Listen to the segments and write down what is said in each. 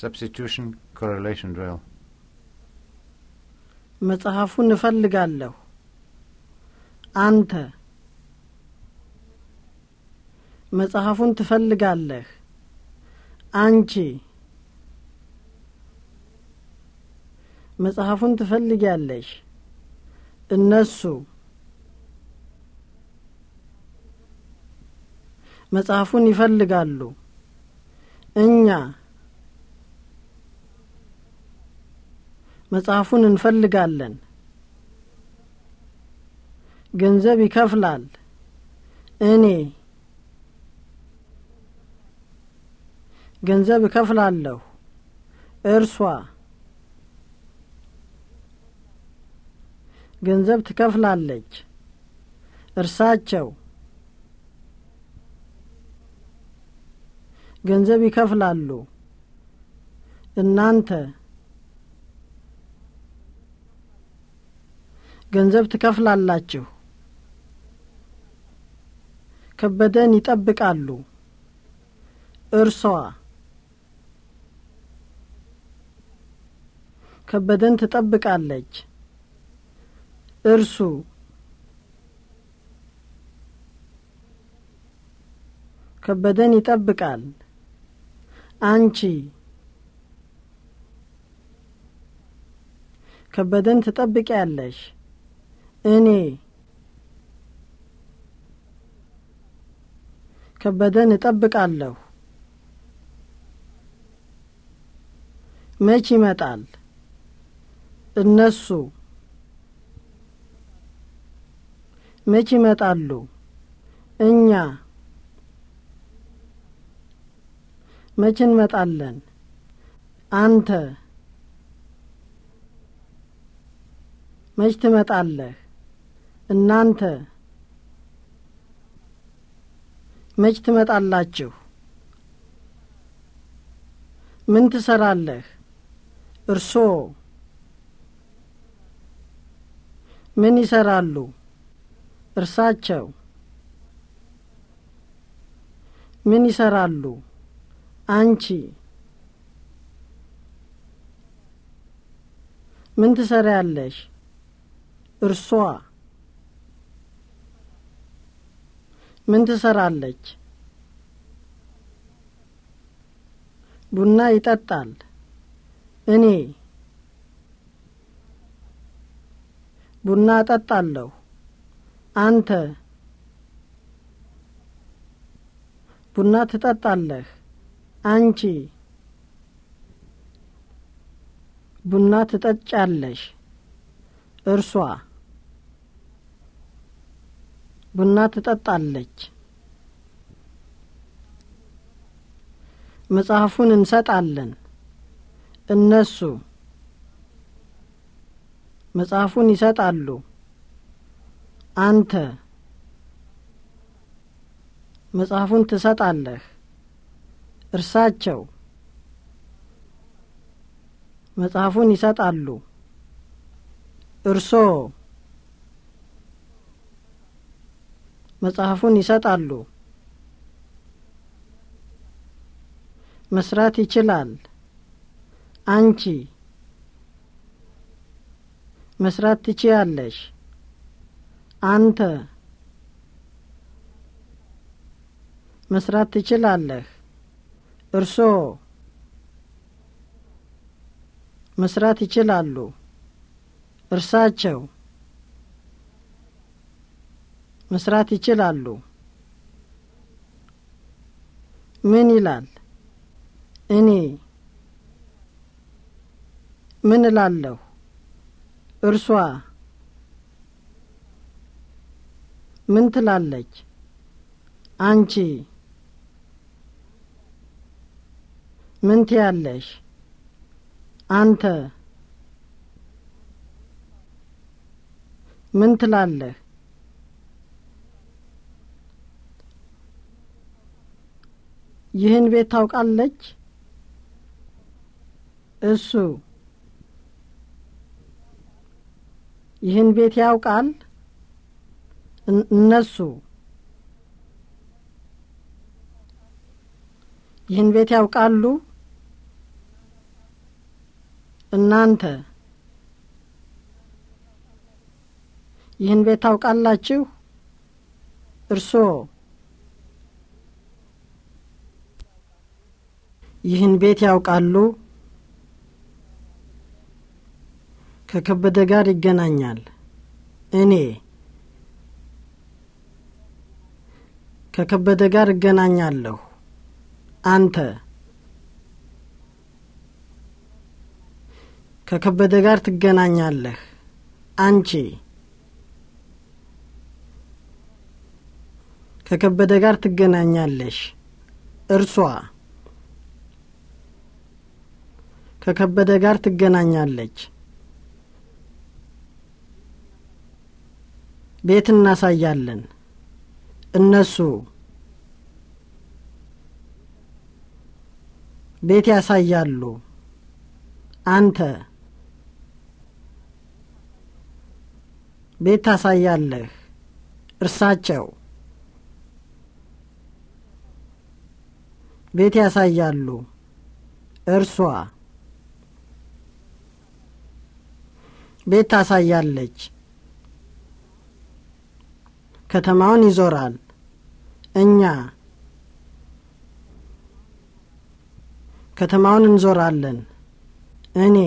Substitution correlation drill. መጽሐፉን እፈልጋለሁ። አንተ መጽሐፉን ትፈልጋለህ። አንቺ መጽሐፉን ትፈልጊያለሽ። እነሱ መጽሐፉን ይፈልጋሉ። እኛ መጽሐፉን እንፈልጋለን። ገንዘብ ይከፍላል። እኔ ገንዘብ እከፍላለሁ። እርሷ ገንዘብ ትከፍላለች። እርሳቸው ገንዘብ ይከፍላሉ። እናንተ ገንዘብ ትከፍላላችሁ። ከበደን ይጠብቃሉ። እርሷ ከበደን ትጠብቃለች። እርሱ ከበደን ይጠብቃል። አንቺ ከበደን ትጠብቂያለሽ። እኔ ከበደን እጠብቃለሁ። መች ይመጣል? እነሱ መች ይመጣሉ? እኛ መች እንመጣለን? አንተ መች ትመጣለህ? እናንተ መች ትመጣላችሁ? ምን ትሰራለህ? እርሶ ምን ይሰራሉ? እርሳቸው ምን ይሰራሉ? አንቺ ምን ትሰሪያለሽ? እርሷ ምን ትሰራለች? ቡና ይጠጣል። እኔ ቡና እጠጣለሁ። አንተ ቡና ትጠጣለህ። አንቺ ቡና ትጠጫለሽ። እርሷ ቡና ትጠጣለች። መጽሐፉን እንሰጣለን። እነሱ መጽሐፉን ይሰጣሉ። አንተ መጽሐፉን ትሰጣለህ። እርሳቸው መጽሐፉን ይሰጣሉ። እርሶ መጽሐፉን ይሰጣሉ። መስራት ይችላል። አንቺ መስራት ትችያለሽ። አንተ መስራት ትችላለህ። እርሶ መስራት ይችላሉ። እርሳቸው መስራት ይችላሉ። ምን ይላል? እኔ ምን እላለሁ? እርሷ ምን ትላለች? አንቺ ምን ትያለሽ? አንተ ምን ትላለህ? ይህን ቤት ታውቃለች? እሱ ይህን ቤት ያውቃል? እነሱ ይህን ቤት ያውቃሉ? እናንተ ይህን ቤት ታውቃላችሁ? እርስዎ ይህን ቤት ያውቃሉ? ከከበደ ጋር ይገናኛል። እኔ ከከበደ ጋር እገናኛለሁ። አንተ ከከበደ ጋር ትገናኛለህ። አንቺ ከከበደ ጋር ትገናኛለሽ። እርሷ ከከበደ ጋር ትገናኛለች። ቤት እናሳያለን። እነሱ ቤት ያሳያሉ። አንተ ቤት ታሳያለህ። እርሳቸው ቤት ያሳያሉ። እርሷ ቤት ታሳያለች። ከተማውን ይዞራል። እኛ ከተማውን እንዞራለን። እኔ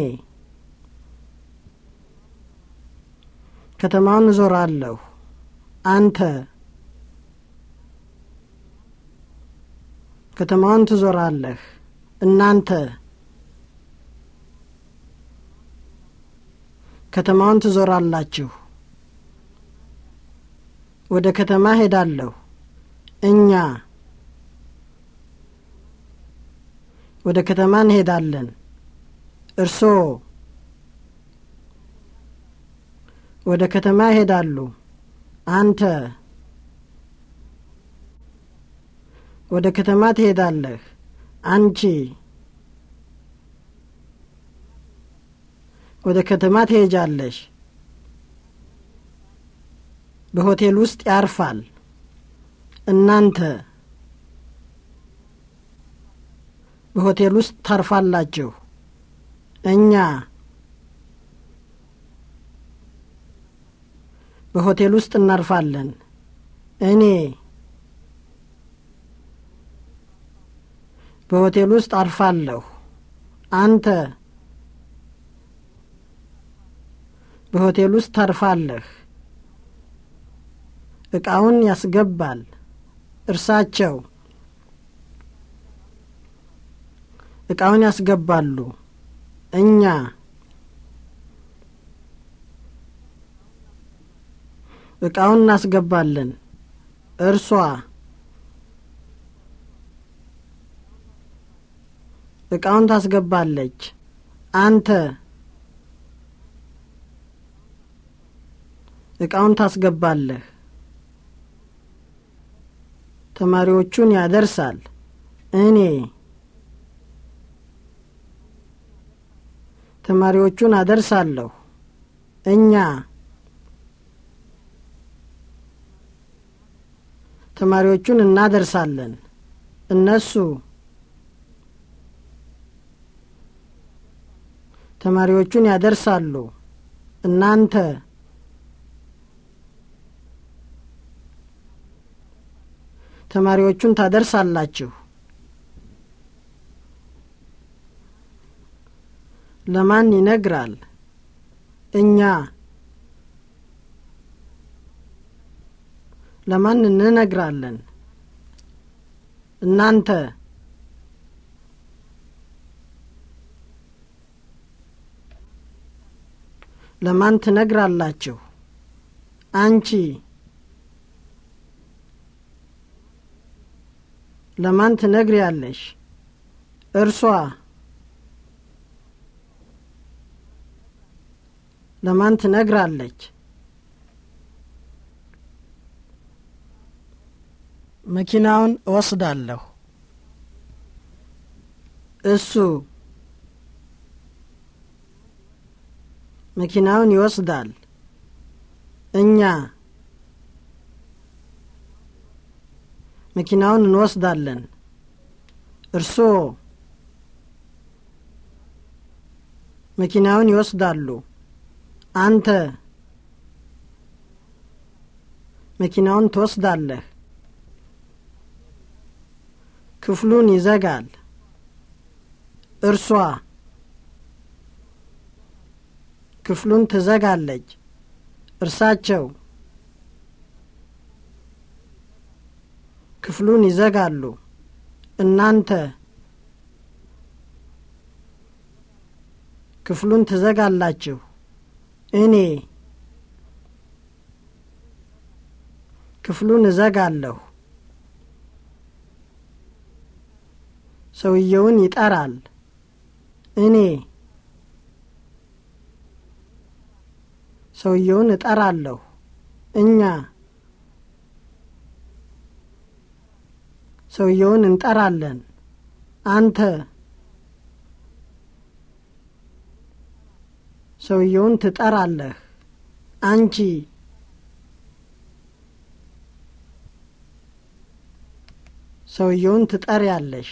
ከተማውን እዞራለሁ። አንተ ከተማውን ትዞራለህ። እናንተ ከተማውን ትዞራላችሁ። ወደ ከተማ ሄዳለሁ። እኛ ወደ ከተማ እንሄዳለን። እርስዎ ወደ ከተማ ይሄዳሉ። አንተ ወደ ከተማ ትሄዳለህ። አንቺ ወደ ከተማ ትሄጃለሽ። በሆቴል ውስጥ ያርፋል። እናንተ በሆቴል ውስጥ ታርፋላችሁ። እኛ በሆቴል ውስጥ እናርፋለን። እኔ በሆቴል ውስጥ አርፋለሁ። አንተ በሆቴል ውስጥ ታርፋለህ። እቃውን ያስገባል። እርሳቸው እቃውን ያስገባሉ። እኛ እቃውን እናስገባለን። እርሷ እቃውን ታስገባለች። አንተ እቃውን ታስገባለህ። ተማሪዎቹን ያደርሳል። እኔ ተማሪዎቹን አደርሳለሁ። እኛ ተማሪዎቹን እናደርሳለን። እነሱ ተማሪዎቹን ያደርሳሉ። እናንተ ተማሪዎቹን ታደርሳላችሁ። ለማን ይነግራል? እኛ። ለማን እንነግራለን? እናንተ። ለማን ትነግራላችሁ? አንቺ ለማን ያለሽ? እርሷ። ለማን ትነግራለች? መኪናውን እወስዳለሁ። እሱ መኪናውን ይወስዳል። እኛ መኪናውን እንወስዳለን። እርስዎ መኪናውን ይወስዳሉ። አንተ መኪናውን ትወስዳለህ። ክፍሉን ይዘጋል። እርሷ ክፍሉን ትዘጋለች። እርሳቸው ክፍሉን ይዘጋሉ። እናንተ ክፍሉን ትዘጋላችሁ። እኔ ክፍሉን እዘጋለሁ። ሰውየውን ይጠራል። እኔ ሰውየውን እጠራለሁ። እኛ ሰውየውን እንጠራለን። አንተ ሰውየውን ትጠራለህ። አንቺ ሰውየውን ትጠሪያለሽ።